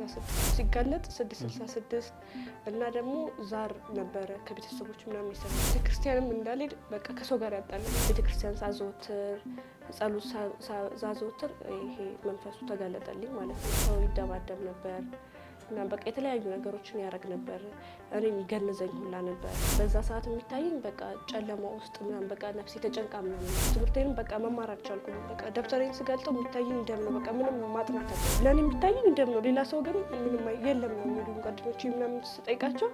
366 ሲጋለጥ 666 እና ደግሞ ዛር ነበረ ከቤተሰቦች ምናምን ይሰራ ቤተክርስቲያንም እንዳልሄድ በቃ ከሰው ጋር ያጣለ ቤተክርስቲያን ሳዘወትር ጸሎት ሳዘወትር ይሄ መንፈሱ ተጋለጠልኝ ማለት ነው። ሰው ይደባደብ ነበር። እና በቃ የተለያዩ ነገሮችን ያደረግ ነበር። እኔም ይገንዘኝ ሁላ ነበር። በዛ ሰዓት የሚታየኝ በቃ ጨለማ ውስጥ ምናምን በቃ ነፍሴ ተጨንቃ ምናምን ትምህርቴንም በቃ መማር አልቻልኩም። በቃ ደብተሬን ስገልጠው የሚታየኝ ደም ነው። በቃ ምንም ማጥናት አለ ለእኔ የሚታየኝ ደም ነው። ሌላ ሰው ግን ምንም የለም ነው የሚሉ ጓደኞች ምናምን ስጠይቃቸው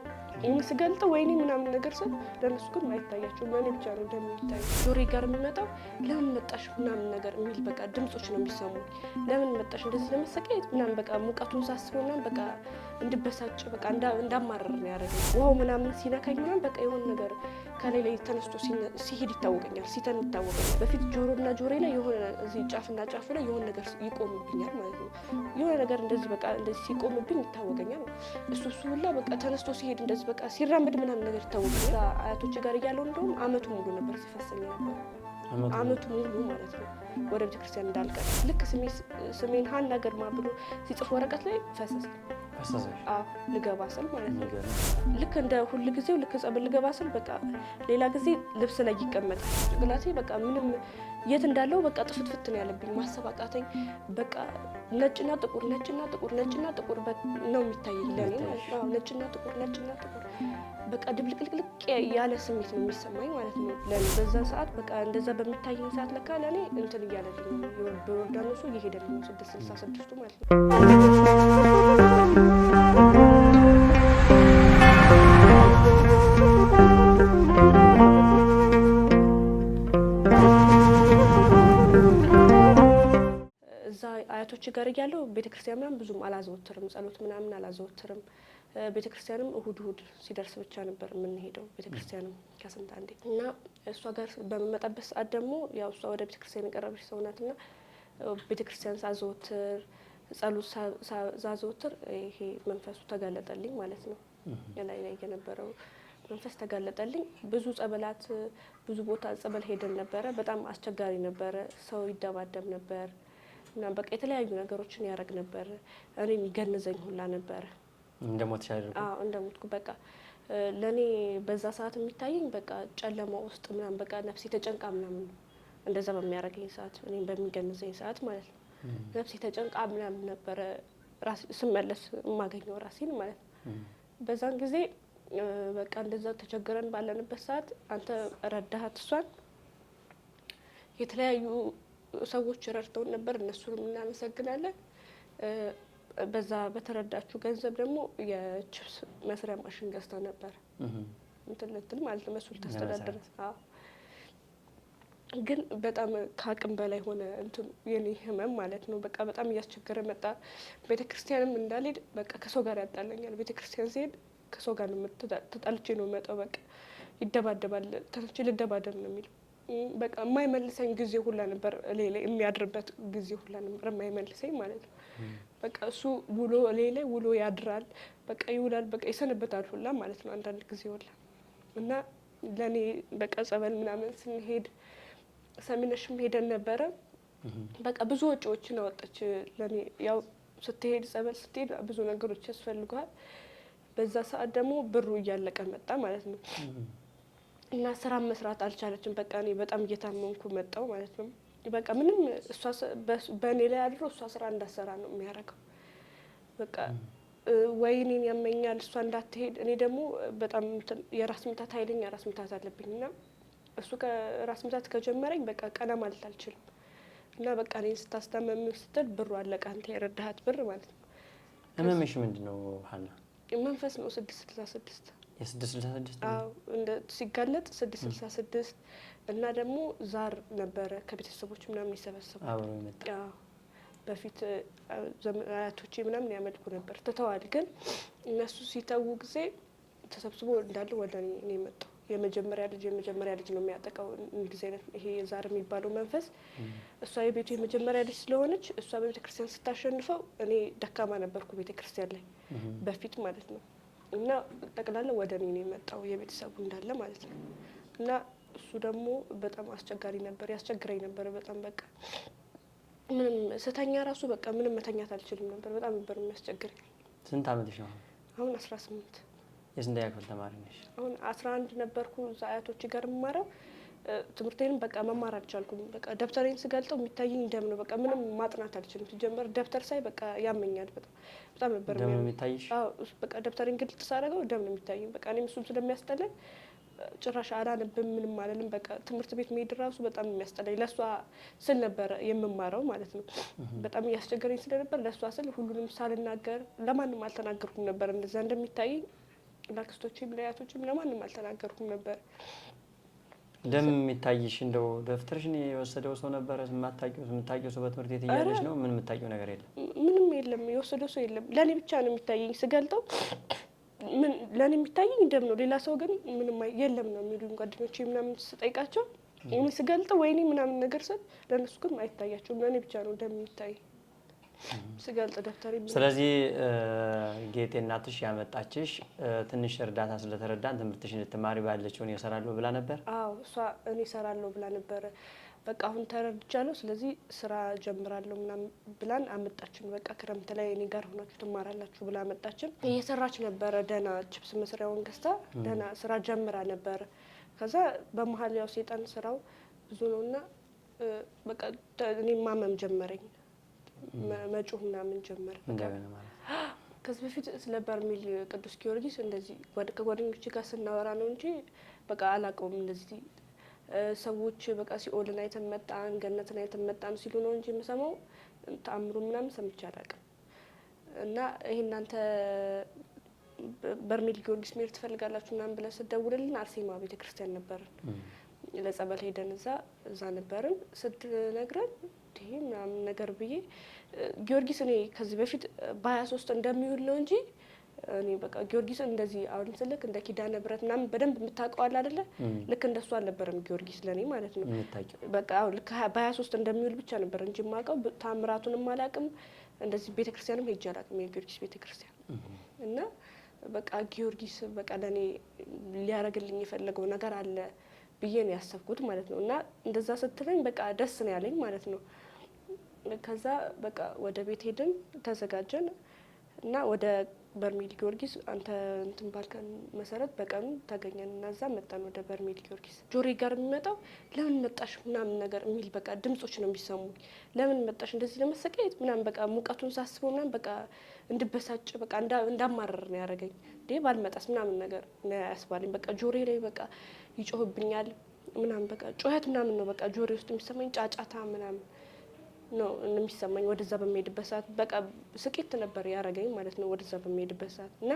ስገልጠው ወይኔ ምናምን ነገር ስል ለነሱ ግን አይታያቸውም። ለእኔ ብቻ ነው ደም የሚታየኝ። ጆሬ ጋር የሚመጣው ለምን መጣሽ ምናምን ነገር የሚል በቃ ድምጾች ነው የሚሰሙ። ለምን መጣሽ እንደዚህ ለመሰቃየት ምናምን በቃ ሙቀቱን ሳስበው ምናምን በቃ እንድበሳጭ በቃ እንዳማረር ነው ያደረገኝ። ውሃው ምናምን ሲነካኝ ምናምን በቃ የሆነ ነገር ከላይ ላይ ተነስቶ ሲሄድ ይታወቀኛል፣ ሲተን ይታወቀኛል። በፊት ጆሮና ጆሮዬ ላይ የሆነ እዚህ ጫፍና ጫፍ ላይ የሆነ ነገር ይቆምብኛል ማለት ነው። የሆነ ነገር እንደዚህ በቃ እንደዚህ ሲቆምብኝ ይታወቀኛል። እሱ እሱ ሁላ በቃ ተነስቶ ሲሄድ እንደዚህ በቃ ሲራመድ ምናምን ነገር ይታወቀኛል። አያቶች ጋር እያለው እንደውም አመቱ ሙሉ ነበር ሲፈሰኝ ነበር አመቱ ሙሉ ማለት ነው። ወደ ቤተክርስቲያን እንዳልቀር ልክ ስሜን ሀና ገርማ ብሎ ሲጽፍ ወረቀት ላይ ፈሰስ ልገባ ስል ማለት ነው። ልክ እንደ ሁል ጊዜው ልክ ጸበል ልገባ ስል በቃ ሌላ ጊዜ ልብስ ላይ ይቀመጣል። ጭንቅላቴ በቃ ምንም የት እንዳለው በቃ ጥፍትፍት ነው ያለብኝ። ማሰብ አቃተኝ። በቃ ነጭና ጥቁር ነጭና ጥቁር ነጭና ጥቁር ነው የሚታይ ለኔ ማለት ነጭና ጥቁር ነጭና ጥቁር በቃ ድብልቅልቅልቅ ያለ ስሜት ነው የሚሰማኝ ማለት ነው ለኔ በዛ ሰዓት በቃ እንደዛ በሚታየኝ ሰዓት ለካ ለኔ እንትን እያለብኝ ነው። በዮርዳኖሱ እየሄደልኝ ነው ስድስት ስልሳ ስድስቱ ማለት ነው እያደረገ ያለው ቤተክርስቲያን ምናምን ብዙም አላዘወትርም፣ ጸሎት ምናምን አላዘወትርም። ቤተክርስቲያንም እሁድ እሁድ ሲደርስ ብቻ ነበር የምንሄደው። ቤተክርስቲያንም ከስንት አንዴ እና እሷ ጋር በምመጣበት ሰዓት ደግሞ ያው እሷ ወደ ቤተክርስቲያን የቀረበች ሰው ቤተ ቤተክርስቲያን ሳዘወትር ጸሎት ሳዘወትር ይሄ መንፈሱ ተጋለጠልኝ ማለት ነው። ላይ ላይ የነበረው መንፈስ ተጋለጠልኝ። ብዙ ጸበላት፣ ብዙ ቦታ ጸበል ሄደን ነበረ። በጣም አስቸጋሪ ነበረ። ሰው ይደባደብ ነበር። ምናምን በቃ የተለያዩ ነገሮችን ያደረግ ነበር። እኔ የሚገንዘኝ ሁላ ነበረ እንደሞት እንደሞትኩ በቃ ለእኔ በዛ ሰዓት የሚታየኝ በቃ ጨለማ ውስጥ ምናምን በቃ ነፍሴ ተጨንቃ ምናምን እንደዛ በሚያደርገኝ ሰዓት እኔም በሚገንዘኝ ሰዓት ማለት ነው ነፍሴ ተጨንቃ ምናምን ነበረ ስመለስ የማገኘው ራሴን ማለት ነው። በዛን ጊዜ በቃ እንደዛ ተቸግረን ባለንበት ሰዓት አንተ ረዳሃት እሷን የተለያዩ ሰዎች ረድተውን ነበር። እነሱንም እናመሰግናለን። በዛ በተረዳችሁ ገንዘብ ደግሞ የችፕስ መስሪያ ማሽን ገዝታ ነበር ምትልትል ማለት ነው። መሱን ተስተዳደረ ግን በጣም ከአቅም በላይ ሆነ። እንትን የኔ ህመም ማለት ነው። በቃ በጣም እያስቸገረ መጣ። ቤተ ክርስቲያንም እንዳልሄድ በቃ ከሰው ጋር ያጣለኛል። ቤተ ክርስቲያን ሲሄድ ከሰው ጋር ነው ተጣልቼ ነው መጣው። በቃ ይደባደባል። ተች ልደባደብ ነው የሚለው በቃ የማይመልሰኝ ጊዜ ሁላ ነበር ሌላ የሚያድርበት ጊዜ ሁላ ነበር የማይመልሰኝ ማለት ነው። በቃ እሱ ውሎ ሌላ ውሎ ያድራል፣ በቃ ይውላል፣ በቃ ይሰንበታል ሁላ ማለት ነው። አንዳንድ ጊዜ ሁላ እና ለእኔ በቃ ጸበል ምናምን ስንሄድ ሰሚነሽም ሄደን ነበረ። በቃ ብዙ ወጪዎችን አወጣች ለእኔ ያው ስትሄድ ጸበል ስትሄድ ብዙ ነገሮች ያስፈልገዋል። በዛ ሰዓት ደግሞ ብሩ እያለቀ መጣ ማለት ነው። እና ስራ መስራት አልቻለችም። በቃ እኔ በጣም እየታመንኩ መጣው ማለት ነው። በቃ ምንም በእኔ ላይ አድሮ እሷ ስራ እንዳሰራ ነው የሚያደርገው። በቃ ወይ እኔን ያመኛል እሷ እንዳትሄድ፣ እኔ ደግሞ በጣም የራስ ምታት ኃይለኛ ራስ ምታት አለብኝ እና እሱ ከራስ ምታት ከጀመረኝ በቃ ቀና ማለት አልችልም እና በቃ እኔን ስታስታመም ስትል ብሩ አለቀ። አንተ የረዳሃት ብር ማለት ነው። ህመምሽ ምንድን ነው ሀና? መንፈስ ነው። ስድስት ስልሳ ስድስት ሲጋለጥ ስድስት ስልሳ ስድስት እና ደግሞ ዛር ነበረ ከቤተሰቦች ምናምን ይሰበሰባል። በፊት ምናምን ያመልኩ ነበር፣ ትተዋል። ግን እነሱ ሲተዉ ጊዜ ተሰብስቦ እንዳለ ወደ እኔ መጡ። የመጀመሪያ ልጅ የመጀመሪያ ልጅ ነው የሚያጠቃው እንደዚህ አይነት ይሄ ዛር የሚባለው መንፈስ። እሷ የቤቱ የመጀመሪያ ልጅ ስለሆነች እሷ በቤተክርስቲያን ስታሸንፈው፣ እኔ ደካማ ነበርኩ ቤተክርስቲያን ላይ በፊት ማለት ነው እና ጠቅላላ ወደ እኔ ነው የመጣው የቤተሰቡ እንዳለ ማለት ነው። እና እሱ ደግሞ በጣም አስቸጋሪ ነበር፣ ያስቸግረኝ ነበር በጣም በቃ ምንም ስተኛ ራሱ በቃ ምንም መተኛት አልችልም ነበር። በጣም ነበር የሚያስቸግር። ስንት አመትሽ ነው? አሁን አስራ ስምንት የስንተኛ ክፍል ተማሪ ነሽ? አሁን አስራ አንድ ነበርኩ እዛ አያቶች ጋር የማረው ትምህርቴንም በቃ መማር አልቻልኩም። በቃ ደብተሬን ስገልጠው የሚታየኝ ደም ነው። በቃ ምንም ማጥናት አልችልም። ሲጀመር ደብተር ሳይ በቃ ያመኛል። በጣም በጣም ነበር የሚታይሽ? በቃ ደብተሬን ግልጥ ሳደርገው ደም ነው የሚታየኝ። በቃ እኔም እሱም ስለሚያስጠላኝ ጭራሽ አላነብም፣ ምንም አለንም። በቃ ትምህርት ቤት መሄድ ራሱ በጣም የሚያስጠላኝ ለእሷ ስል ነበረ የምማረው ማለት ነው። በጣም እያስቸገረኝ ስለነበር ለእሷ ስል ሁሉንም ሳልናገር ለማንም አልተናገርኩም ነበር። እንደዛ እንደሚታየኝ ለአክስቶችም ለአያቶችም ለማንም አልተናገርኩም ነበር። ደም የሚታይሽ እንደው ደፍተርሽ የወሰደው ሰው ነበረ? የማታውቂው የምታውቂው ሰው በትምህርት ቤት እያለሽ ነው? ምን የምታውቂው ነገር የለም? ምንም የለም፣ የወሰደው ሰው የለም። ለእኔ ብቻ ነው የሚታየኝ ስገልጠው ምን ለእኔ የሚታየኝ ደም ነው። ሌላ ሰው ግን ምንም የለም ነው የሚሉኝ ጓደኞች ምናምን ስጠይቃቸው ስገልጠው ወይኔ ምናምን ነገር ሰጥ ለእነሱ ግን አይታያቸውም። ለእኔ ብቻ ነው ደም የሚታይ ስገልጥ ደብተር። ስለዚህ ጌጤ እናትሽ ያመጣችሽ ትንሽ እርዳታ ስለተረዳን ትምህርትሽ እንድትማሪ ባለችውን እሰራለሁ ብላ ነበር። አዎ እሷ እኔ እሰራለሁ ብላ ነበር በቃ አሁን ተረድቻለሁ፣ ስለዚህ ስራ ጀምራለሁ ምናምን ብላን አመጣችን። በቃ ክረምት ላይ እኔ ጋር ሆናችሁ ትማራላችሁ ብላ አመጣችን። እየሰራች ነበረ፣ ደህና ችፕስ መስሪያውን ገዝታ ደህና ስራ ጀምራ ነበር ከዛ በመሀል ያው ሴጣን ስራው ብዙ ነው እና በቃ እኔ ማመም ጀመረኝ። መጮህ ምናምን ጀመር። ከዚህ በፊት ስለ በርሜል ቅዱስ ጊዮርጊስ እንደዚህ ከጓደኞች ጋር ስናወራ ነው እንጂ በቃ አላውቀውም። እንደዚህ ሰዎች በቃ ሲኦልን አይተን መጣን፣ ገነትን አይተን መጣን ሲሉ ነው እንጂ የምሰማው ተአምሩ ምናምን ሰምቼ አላውቅም። እና ይሄ እናንተ በርሜል ጊዮርጊስ መሄድ ትፈልጋላችሁ ምናምን ብለን ስደውልልን አርሴማ ቤተክርስቲያን ነበርን። ለጸበል ሄደን እዛ እዛ ነበርን ስትነግረን እንዴ ምናምን ነገር ብዬ ጊዮርጊስ እኔ ከዚህ በፊት በሀያ ሶስት እንደሚውል ነው እንጂ እኔ በቃ ጊዮርጊስን እንደዚህ አሁን ስልክ እንደ ኪዳነ ብረት ምናምን በደንብ የምታውቀዋል አደለ? ልክ እንደሱ አልነበረም ጊዮርጊስ ለእኔ ማለት ነው። በቃ ልክ በሀያ ሶስት እንደሚውል ብቻ ነበር እንጂ የማውቀው ታምራቱንም አላውቅም። እንደዚህ ቤተክርስቲያንም ሄጄ አላውቅም፣ የጊዮርጊስ ክርስቲያን እና በቃ ጊዮርጊስ በቃ ለእኔ ሊያደርግልኝ የፈለገው ነገር አለ ብዬ ነው ያሰብኩት ማለት ነው። እና እንደዛ ስትለኝ በቃ ደስ ነው ያለኝ ማለት ነው። ከዛ በቃ ወደ ቤት ሄድን ተዘጋጀን እና ወደ በርሜል ጊዮርጊስ አንተ እንትን ባልከን መሰረት በቀኑ ተገኘን እና እዛ መጣን ወደ በርሜል ጊዮርጊስ። ጆሪ ጋር የሚመጣው ለምን መጣሽ ምናምን ነገር የሚል በቃ ድምጾች ነው የሚሰሙኝ። ለምን መጣሽ እንደዚህ ለመሰቃየት ምናምን በቃ ሙቀቱን ሳስበው ምናምን በቃ እንድበሳጭ በቃ እንዳማረር ነው ያደረገኝ። እንዴ ባልመጣስ ምናምን ነገር ያስባለኝ። በቃ ጆሪ ላይ በቃ ይጮህብኛል ምናምን በቃ ጩኸት ምናምን ነው በቃ ጆሪ ውስጥ የሚሰማኝ ጫጫታ ምናምን ነው የሚሰማኝ ወደዛ በሚሄድበት ሰዓት በቃ ስቄት ነበር ያደረገኝ ማለት ነው። ወደዛ በሚሄድበት ሰዓት እና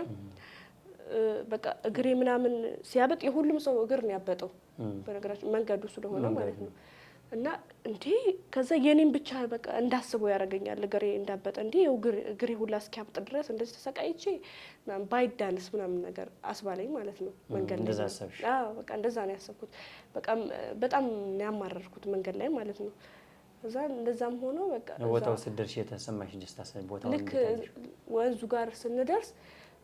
በቃ እግሬ ምናምን ሲያበጥ የሁሉም ሰው እግር ነው ያበጠው፣ በነገራችን መንገዱ ስለሆነ ማለት ነው። እና እንዴ ከዛ የኔም ብቻ በቃ እንዳስበው ያደርገኛል እግሬ እንዳበጠ እንዴ እግሬ ሁላ እስኪያብጥ ድረስ እንደዚህ ተሰቃይቼ ባይዳንስ ምናምን ነገር አስባለኝ ማለት ነው። መንገድ ላይ በቃ እንደዛ ነው ያሰብኩት። በጣም ያማረርኩት መንገድ ላይ ማለት ነው። እዛ እንደዛም ሆኖ በቃ ቦታው የተሰማሽ ደስታ ቦታው ልክ ወንዙ ጋር ስንደርስ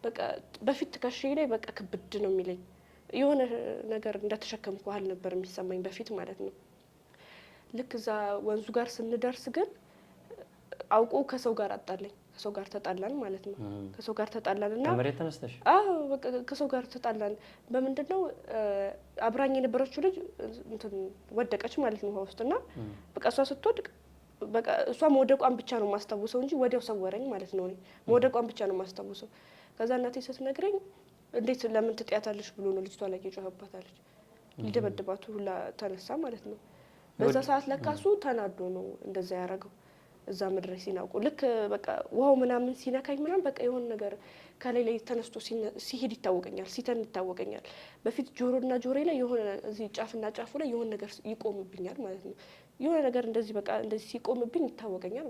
በቃ በፊት ትከሻዬ ላይ በቃ ክብድ ነው የሚለኝ የሆነ ነገር እንደተሸከምኩ ያህል ነበር የሚሰማኝ በፊት ማለት ነው። ልክ እዛ ወንዙ ጋር ስንደርስ ግን አውቆ ከሰው ጋር አጣለኝ። ከሰው ጋር ተጣላን ማለት ነው። ከሰው ጋር ተጣላን እና ከመሬት ተነስተሽ? አዎ በቃ ከሰው ጋር ተጣላን። በምንድን ነው አብራኝ የነበረችው ልጅ እንትን ወደቀች ማለት ነው ውሃ ውስጥ እና በቃ እሷ ስትወድቅ በቃ እሷ መውደቋን ብቻ ነው የማስታውሰው እንጂ ወዲያው ሰወረኝ ማለት ነው። መውደቋን ብቻ ነው የማስታውሰው። ከዛ እናቴ ስትነግረኝ እንዴት ለምን ትጥያታለች ብሎ ነው ልጅቷ ላይ የጮኸባታለች። ሊደበድባቱ ሁላ ተነሳ ማለት ነው። በዛ ሰዓት ለካሱ ተናዶ ነው እንደዛ ያደረገው። እዛ ምድረ ሲናውቁ ልክ በቃ ውሃው ምናምን ሲነካኝ ምናምን በቃ የሆነ ነገር ከላይ ላይ ተነስቶ ሲሄድ ይታወቀኛል፣ ሲተን ይታወቀኛል። በፊት ጆሮና ጆሬ ላይ የሆነ እዚህ ጫፍና ጫፉ ላይ የሆነ ነገር ይቆምብኛል ማለት ነው። የሆነ ነገር እንደዚህ በቃ እንደዚህ ሲቆምብኝ ይታወቀኛል።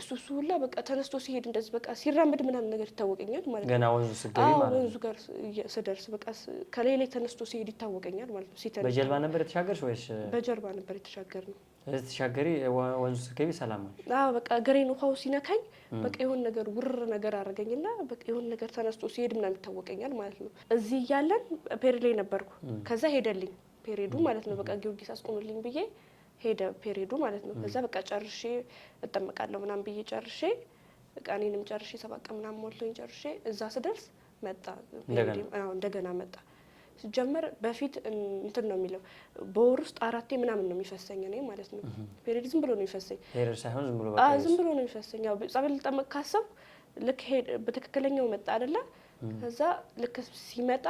እሱ እሱ ሁላ በቃ ተነስቶ ሲሄድ እንደዚህ በቃ ሲራመድ ምናምን ነገር ይታወቀኛል ማለት ነው። ገና ወንዙ ስገቢ ማለት ነው። ወንዙ ጋር ስደርስ በቃ ከላይ ላይ ተነስቶ ሲሄድ ይታወቀኛል ማለት ነው። ሲተን በጀልባ ነበር የተሻገርሽ ወይስ? በጀልባ ነበር የተሻገር ነው ስለዚህ ወንዙ ስትገቢ ሰላም ነው። በቃ እግሬን ውሃው ሲነካኝ በቃ የሆን ነገር ውር ነገር አድርገኝና በቃ የሆን ነገር ተነስቶ ሲሄድ ምናምን ይታወቀኛል ማለት ነው። እዚህ እያለን ፔሬድ ላይ ነበርኩ። ከዛ ሄደልኝ ፔሬዱ ማለት ነው። በቃ ጊዮርጊስ አስቆምልኝ ብዬ ሄደ ፔሬዱ ማለት ነው። ከዛ በቃ ጨርሼ እጠመቃለሁ ምናምን ብዬ ጨርሼ በቃ እኔንም ጨርሼ ሰባት ቀን ምናምን ሞልቶኝ ጨርሼ እዛ ስደርስ መጣ እንደገና መጣ ሲጀመር በፊት እንትን ነው የሚለው በወር ውስጥ አራቴ ምናምን ነው የሚፈሰኝ እኔ ማለት ነው። ፔሪድ ዝም ብሎ ነው የሚፈሰኝ፣ ዝም ብሎ ነው የሚፈሰኝ። ጸበል ልጠመቅ ካሰብኩ ልክ በትክክለኛው መጣ አይደለ? ከዛ ልክ ሲመጣ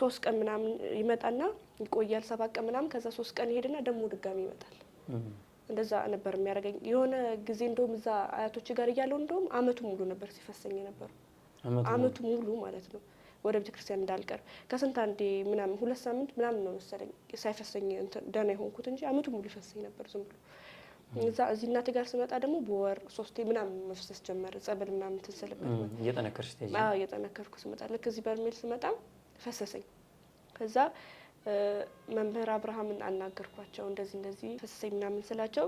ሶስት ቀን ምናምን ይመጣና ይቆያል ሰባት ቀን ምናምን። ከዛ ሶስት ቀን ይሄድና ደግሞ ድጋሚ ይመጣል። እንደዛ ነበር የሚያደርገኝ። የሆነ ጊዜ እንደውም እዛ አያቶች ጋር እያለው እንደውም አመቱ ሙሉ ነበር ሲፈሰኝ የነበረው አመቱ ሙሉ ማለት ነው። ወደ ቤተ ክርስቲያን እንዳልቀርብ ከስንት አንዴ ምናምን ሁለት ሳምንት ምናምን ነው መሰለኝ ሳይፈሰኝ ደህና የሆንኩት እንጂ አመቱ ሙሉ ይፈሰኝ ነበር ዝም ብሎ። እዛ እዚህ እናቴ ጋር ስመጣ ደግሞ በወር ሶስቴ ምናምን መፍሰስ ጀመረ። ጸበል ምናምን ትንስልበት እየጠነከርሽ እየጠነከርኩ ስመጣ ልክ እዚህ በርሜል ስመጣ ፈሰሰኝ። ከዛ መምህር አብርሃምን አናገርኳቸው እንደዚህ እንደዚህ ፈሰሰኝ ምናምን ስላቸው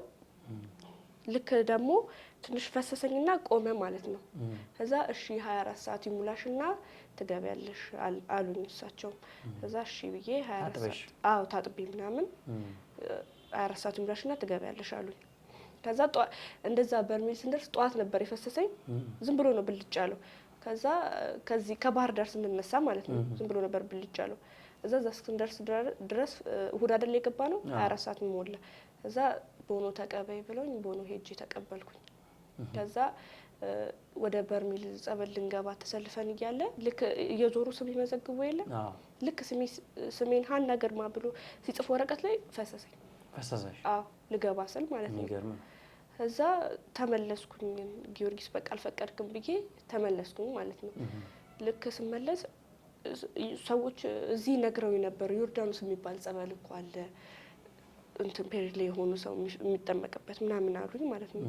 ልክ ደግሞ ትንሽ ፈሰሰኝና ቆመ ማለት ነው። ከዛ እሺ ሀያ አራት ሰዓት ይሙላሽና ትገቢያለሽ አሉኝ እሳቸውም። ከዛ እሺ ብዬ 24 አዎ ታጥቤ ምናምን ሀያ አራት ሰዓት ይሙላሽና ትገቢያለሽ አሉኝ። ከዛ እንደዛ በርሜል ስንደርስ ጠዋት ነበር የፈሰሰኝ። ዝም ብሎ ነው ብልጭ ያለው። ከዛ ከዚህ ከባህር ዳር ስንነሳ ማለት ነው ዝም ብሎ ነበር ብልጭ ያለው። እዛ እዛ እስክንደርስ ድረስ እሑድ አይደል የገባ ነው ሀያ አራት ሰዓት ሞላ። እዛ ቦኖ ተቀበይ ብለውኝ ቦኖ ሄጄ ተቀበልኩኝ። ከዛ ወደ በርሜል ጸበል ልንገባ ተሰልፈን እያለ ልክ እየዞሩ ስም ሊመዘግቡ የለ ልክ ስሜን ሀና ግርማ ብሎ ሲጽፍ ወረቀት ላይ ፈሰሰኝ። ፈሰሰሽ? ልገባ ስል ማለት ነው። እዛ ተመለስኩኝ። ጊዮርጊስ በቃ አልፈቀድክም ብዬ ተመለስኩኝ ማለት ነው። ልክ ስመለስ ሰዎች እዚህ ነግረው ነበር፣ ዮርዳኖስ የሚባል ጸበል እኮ አለ እንትን ፔሪድ ላይ የሆኑ ሰው የሚጠመቅበት ምናምን አሉኝ ማለት ነው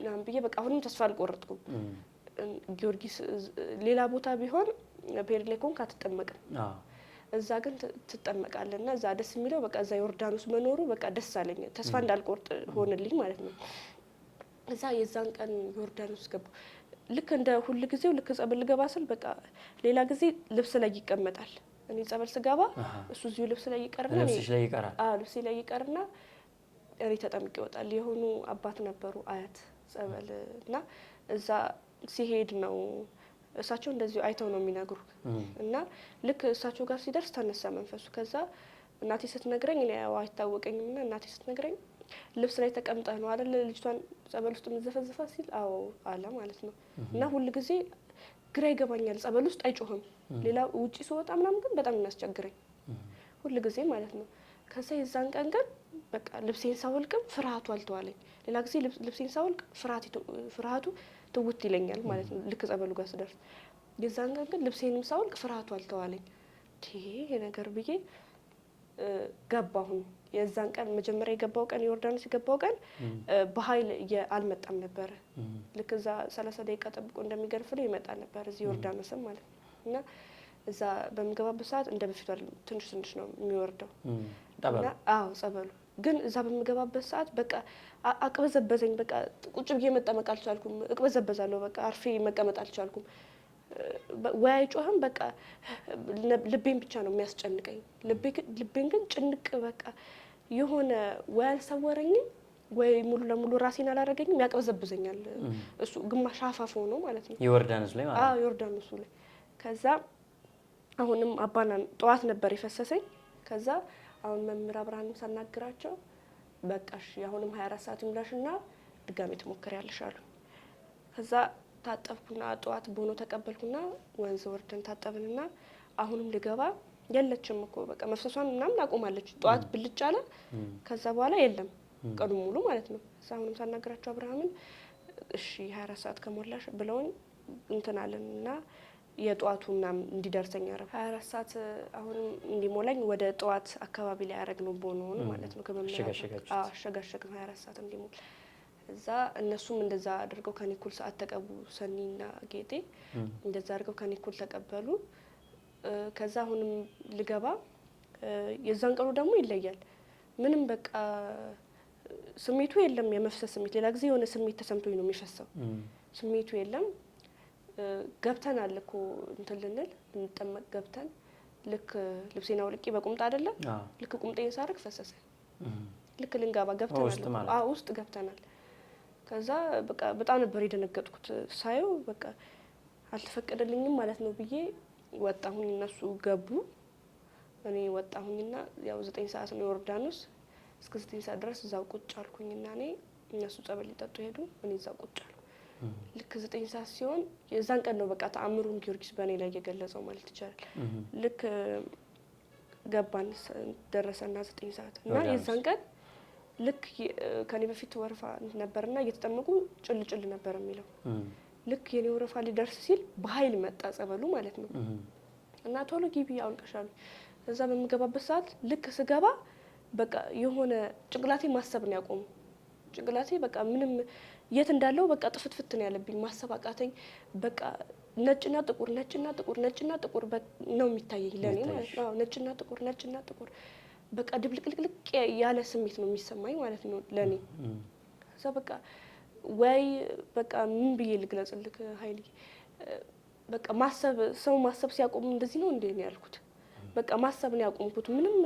ምናምን ብዬ በቃ አሁንም ተስፋ አልቆረጥኩም። ጊዮርጊስ ሌላ ቦታ ቢሆን ፔሪድ ላይ ከሆንክ አትጠመቅም። እዛ ግን ትጠመቃለህ እና እዛ ደስ የሚለው በቃ እዛ ዮርዳኖስ መኖሩ በቃ ደስ አለኝ። ተስፋ እንዳልቆርጥ ሆንልኝ ማለት ነው። እዛ የዛን ቀን ዮርዳኖስ ገባ። ልክ እንደ ሁል ጊዜው ልክ ጸበል ልገባ ስል በቃ ሌላ ጊዜ ልብስ ላይ ይቀመጣል እኔ ጸበል ስገባ እሱ እዚሁ ልብስ ላይ ይቀርና ልብስ ላይ ይቀርና እኔ ተጠምቅ ይወጣል። የሆኑ አባት ነበሩ አያት ጸበል እና እዛ ሲሄድ ነው እሳቸው እንደዚሁ አይተው ነው የሚነግሩ እና ልክ እሳቸው ጋር ሲደርስ ተነሳ መንፈሱ። ከዛ እናቴ ስትነግረኝ እኔ ያው አይታወቀኝም እና እናቴ ስትነግረኝ ልብስ ላይ ተቀምጠ ነው አለ ልጅቷን ጸበል ውስጥ የምዘፈዝፋ ሲል አዎ አለ ማለት ነው እና ጊዜ ግራ ይገባኛል። ጸበል ውስጥ አይጮህም። ሌላ ውጪ ስወጣ ምናምን ግን በጣም የሚያስቸግረኝ ሁል ጊዜ ማለት ነው። ከዛ የዛን ቀን ግን በቃ ልብሴን ሳወልቅም ፍርሃቱ አልተዋለኝ። ሌላ ጊዜ ልብሴን ሳወልቅ ፍርሃቱ ትውት ይለኛል ማለት ነው። ልክ ጸበሉ ጋር ስደርስ የዛን ቀን ግን ልብሴንም ሳወልቅ ፍርሃቱ አልተዋለኝ። ይሄ ነገር ብዬ ገባሁኝ። የዛን ቀን መጀመሪያ የገባው ቀን ዮርዳኖስ የገባው ቀን በኃይል አልመጣም ነበር። ልክ እዛ ሰላሳ ደቂቃ ጠብቆ እንደሚገርፍ ነው ይመጣ ነበር እዚህ ዮርዳኖስም ማለት ነው እና እዛ በምገባበት ሰዓት እንደ በፊቱ አይደለም፣ ትንሽ ትንሽ ነው የሚወርደው። አዎ ጸበሉ ግን እዛ በምገባበት ሰዓት በቃ አቅበዘበዘኝ። በቃ ቁጭ ብዬ መጠመቅ አልቻልኩም። እቅበዘበዛለሁ። በቃ አርፌ መቀመጥ አልቻልኩም። ወይ አይጮህም። በቃ ልቤን ብቻ ነው የሚያስጨንቀኝ። ልቤን ግን ጭንቅ በቃ የሆነ ወይ አልሰወረኝም ወይ ሙሉ ለሙሉ ራሴን አላደረገኝም። ያቀበዘብዘኛል። እሱ ግማሽ አፋፎ ነው ማለት ነው ዮርዳኖስ ላይ ማለት ነው ዮርዳኖሱ ላይ። ከዛ አሁንም አባናን ጠዋት ነበር የፈሰሰኝ። ከዛ አሁን መምህር አብርሃንም ሳናግራቸው በቃሽ አሁንም 24 ሰዓት ይሙላሽና ድጋሜ ትሞክሪያለሽ አሉ። ከዛ ታጠብኩና ጠዋት ቦኖ ተቀበልኩና ወንዝ ወርደን ታጠብንና አሁንም ልገባ የለችም እኮ በቃ መፍሰሷን ምናምን አቆማለች። ጠዋት ብልጭ አለ። ከዛ በኋላ የለም ቀኑ ሙሉ ማለት ነው። እዛ አሁንም ሳናገራቸው አብርሃምን እሺ ሀያ አራት ሰዓት ከሞላሽ ብለውኝ እንትናለን እና የጠዋቱ ምናምን እንዲደርሰኝ ያረ ሀያ አራት ሰዓት አሁንም እንዲሞላኝ ወደ ጠዋት አካባቢ ላይ ያደረግ ነው ቦኖን ማለት ነው ከመመሸጋሸግ ሀያ አራት ሰዓት እንዲሞል እዛ እነሱም እንደዛ አድርገው ከኔ እኩል ሰዓት ተቀቡ። ሰኒና ጌጤ እንደዛ አድርገው ከኔ እኩል ተቀበሉ። ከዛ አሁንም ልገባ የዛን ቀኑ ደግሞ ይለያል። ምንም በቃ ስሜቱ የለም፣ የመፍሰስ ስሜት። ሌላ ጊዜ የሆነ ስሜት ተሰምቶኝ ነው የሚፈሰው፣ ስሜቱ የለም። ገብተናል እኮ እንትን ልንል ልንጠመቅ ገብተን ልክ ልብሴን አውልቄ በቁምጣ አይደለም ልክ ቁምጤን ሳርግ ፈሰሰ። ልክ ልንጋባ ገብተናል፣ ውስጥ ገብተናል። ከዛ በቃ በጣም ነበር የደነገጥኩት ሳየው፣ በቃ አልተፈቀደልኝም ማለት ነው ብዬ ወጣሁኝ፣ እነሱ ገቡ። እኔ ወጣሁኝና ያው ዘጠኝ ሰዓት ነው ዮርዳኖስ። እስከ ዘጠኝ ሰዓት ድረስ እዛው ቁጭ አልኩኝና እኔ እነሱ ጸበል ሊጠጡ ሄዱ፣ እኔ እዛው ቁጭ አልኩ። ልክ ዘጠኝ ሰዓት ሲሆን የዛን ቀን ነው በቃ ተአምሩን ጊዮርጊስ በእኔ ላይ የገለጸው ማለት ይቻላል። ልክ ገባን ደረሰና ዘጠኝ ሰዓት እና የዛን ቀን ልክ ከኔ በፊት ወርፋ ነበርና እየተጠመቁ ጭል ጭል ነበር የሚለው ልክ የኔ ወረፋ ሊደርስ ሲል በኃይል መጣ ጸበሉ ማለት ነው። እና ቶሎ ጊቢ አውልቀሻሉ። እዛ በምገባበት ሰዓት ልክ ስገባ በቃ የሆነ ጭንቅላቴ ማሰብ ነው ያቆሙ። ጭንቅላቴ በቃ ምንም የት እንዳለው በቃ ጥፍትፍት ነው ያለብኝ። ማሰብ አቃተኝ። በቃ ነጭና ጥቁር ነጭና ጥቁር ነጭና ጥቁር ነው የሚታየኝ ለእኔ ማለት ነው። ነጭና ጥቁር ነጭና ጥቁር በቃ ድብልቅልቅልቅ ያለ ስሜት ነው የሚሰማኝ ማለት ነው ለእኔ እዛ በቃ ወይ በቃ ምን ብዬ ልግለጽልክ ሀይሌ በቃ ማሰብ ሰው ማሰብ ሲያቆም እንደዚህ ነው እንዴ ነው ያልኩት። በቃ ማሰብ ነው ያቆምኩት። ምንም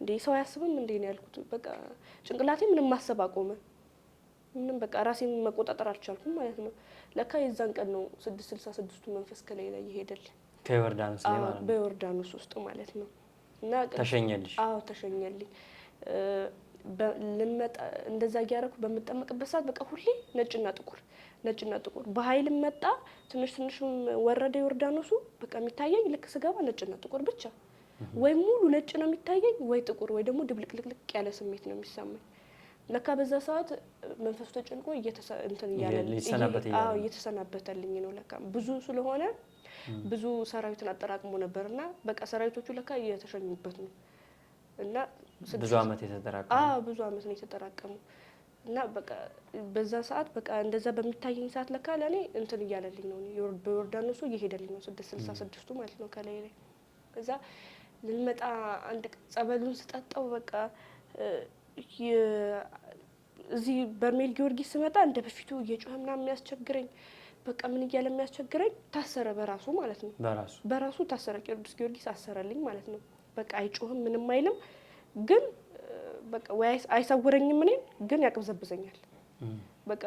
እንዴ ሰው አያስብም እንዴ ነው ያልኩት። በቃ ጭንቅላቴ ምንም ማሰብ አቆመ። ምንም በቃ ራሴን መቆጣጠር አልቻልኩም ማለት ነው። ለካ የዛን ቀን ነው ስድስት ስልሳ ስድስቱ መንፈስ ከላይ ላይ ይሄዳል ከዮርዳኖስ ላይ ማለት ነው። በዮርዳኖስ ውስጥ ማለት ነው። እና ተሸኘልሽ? አዎ ተሸኘልኝ። እንደዛ እያደረኩ በምጠመቅበት ሰዓት በቃ ሁሌ ነጭና ጥቁር ነጭና ጥቁር በኃይልም መጣ ትንሽ ትንሽም ወረደ ዮርዳኖሱ በቃ የሚታየኝ ልክ ስገባ ነጭና ጥቁር ብቻ ወይ ሙሉ ነጭ ነው የሚታየኝ ወይ ጥቁር ወይ ደግሞ ድብልቅልቅልቅ ያለ ስሜት ነው የሚሰማኝ። ለካ በዛ ሰዓት መንፈሱ ተጨንቆ እየተሰናበተልኝ ነው። ለካ ብዙ ስለሆነ ብዙ ሰራዊትን አጠራቅሞ ነበር እና በቃ ሰራዊቶቹ ለካ እየተሸኙበት ነው እና ብዙ አመት የተጠራቀሙ ብዙ አመት ነው የተጠራቀሙ እና በቃ በዛ ሰዓት በቃ እንደዛ በሚታየኝ ሰዓት ለካ ለእኔ እንትን እያለልኝ ነው በዮርዳኖሱ እየሄደልኝ ነው ስድስት ስልሳ ስድስቱ ማለት ነው ከላይ ላይ ከዛ ልንመጣ አንድ ጸበሉን ስጠጣው በቃ እዚህ በርሜል ጊዮርጊስ ስመጣ እንደ በፊቱ እየጮኸ ምናምን የሚያስቸግረኝ በቃ ምን እያለ የሚያስቸግረኝ ታሰረ፣ በራሱ ማለት ነው። በራሱ ታሰረ። ቅዱስ ጊዮርጊስ አሰረልኝ ማለት ነው። በቃ አይጮህም፣ ምንም አይልም። ግን በቃ ወይ አይሰውረኝም እኔን ግን ያቅብዘብዘኛል። በቃ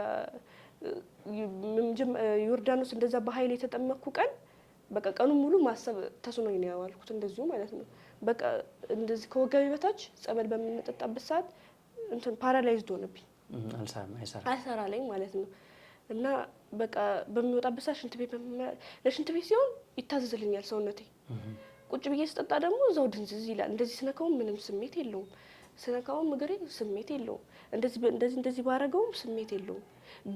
ዮርዳኖስ እንደዛ በኃይል የተጠመኩ ቀን በቃ ቀኑ ሙሉ ማሰብ ተስኖኝ ነው ያዋልኩት፣ እንደዚሁ ማለት ነው። በቃ እንደዚህ ከወገቤ በታች ጸበል በምንጠጣበት ሰዓት እንትን ፓራላይዝድ ሆነብኝ፣ አይሰራለኝ ማለት ነው። እና በቃ በሚወጣበት ሰዓት ሽንት ቤት ለሽንት ቤት ሲሆን ይታዘዝልኛል ሰውነቴ ቁጭ ብዬ ስጠጣ ደግሞ እዛው ድንዝዝ ይላል። እንደዚህ ስነካውም ምንም ስሜት የለውም። ስነካውም እግሬ ስሜት የለውም። እንደዚህ እንደዚህ እንደዚህ ባረገውም ስሜት የለውም።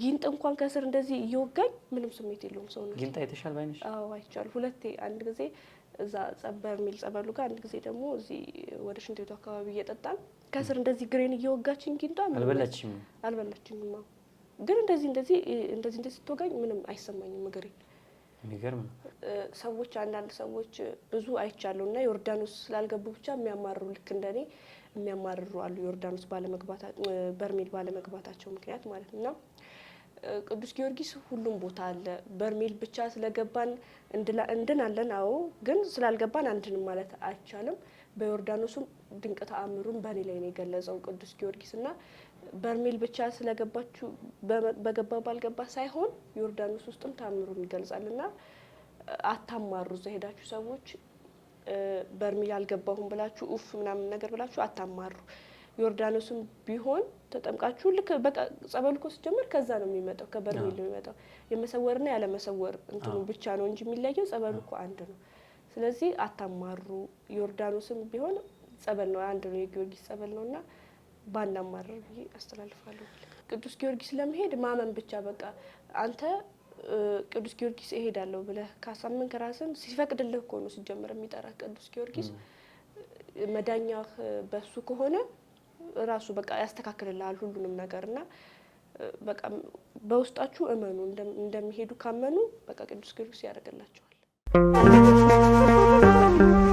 ጊንጥ እንኳን ከስር እንደዚህ እየወጋኝ ምንም ስሜት የለውም። ሰው ጊንጥ አይተሻል? ባይነሽ? አዎ አይቻል። ሁለቴ አንድ ጊዜ እዛ ጸበ የሚል ጸበሉ ጋር አንድ ጊዜ ደግሞ እዚህ ወደ ሽንት ቤቱ አካባቢ እየጠጣን ከስር እንደዚህ ግሬን እየወጋችን ጊንጧ አልበላችም አልበላችም። ግን እንደዚህ እንደዚህ እንደዚህ እንደዚህ ስትወጋኝ ምንም አይሰማኝም እግሬ የሚገርም ነው። ሰዎች አንዳንድ ሰዎች ብዙ አይቻለሁ እና ዮርዳኖስ ስላልገቡ ብቻ የሚያማርሩ ልክ እንደኔ የሚያማርሩ አሉ። ዮርዳኖስ በርሜል ባለመግባታቸው ምክንያት ማለት ነው። ቅዱስ ጊዮርጊስ ሁሉም ቦታ አለ። በርሜል ብቻ ስለገባን እንድናለን። አዎ፣ ግን ስላልገባን አንድንም ማለት አይቻልም። በዮርዳኖሱም ድንቅ ተአምሩን በእኔ ላይ ነው የገለጸው ቅዱስ ጊዮርጊስ እና በርሜል ብቻ ስለገባችሁ በገባ ባልገባ ሳይሆን ዮርዳኖስ ውስጥም ታምሩን ይገልጻል ና አታማሩ። እዛ ሄዳችሁ ሰዎች በርሜል አልገባሁም ብላችሁ ኡፍ ምናምን ነገር ብላችሁ አታማሩ። ዮርዳኖስም ቢሆን ተጠምቃችሁ ልክ በቃ ጸበሉ እኮ ከዛ ነው የሚመጣው፣ ከበርሜል ነው የሚመጣው። የመሰወርና ያለመሰወር እንትኑ ብቻ ነው እንጂ የሚለየው ጸበሉ እኮ አንድ ነው። ስለዚህ አታማሩ። ዮርዳኖስም ቢሆን ጸበል ነው አንድ ነው፣ የጊዮርጊስ ጸበል ነው እና ባናማረር ብዬ አስተላልፋለሁ። ቅዱስ ጊዮርጊስ ለመሄድ ማመን ብቻ በቃ አንተ ቅዱስ ጊዮርጊስ እሄዳለሁ ብለህ ካሳመንክ ራስን ሲፈቅድልህ ከሆኑ ሲጀምር የሚጠራ ቅዱስ ጊዮርጊስ መዳኛህ በሱ ከሆነ ራሱ በቃ ያስተካክልልሃል ሁሉንም ነገር እና በቃ በውስጣችሁ እመኑ እንደሚሄዱ ካመኑ በቃ ቅዱስ ጊዮርጊስ ያደርግላቸዋል።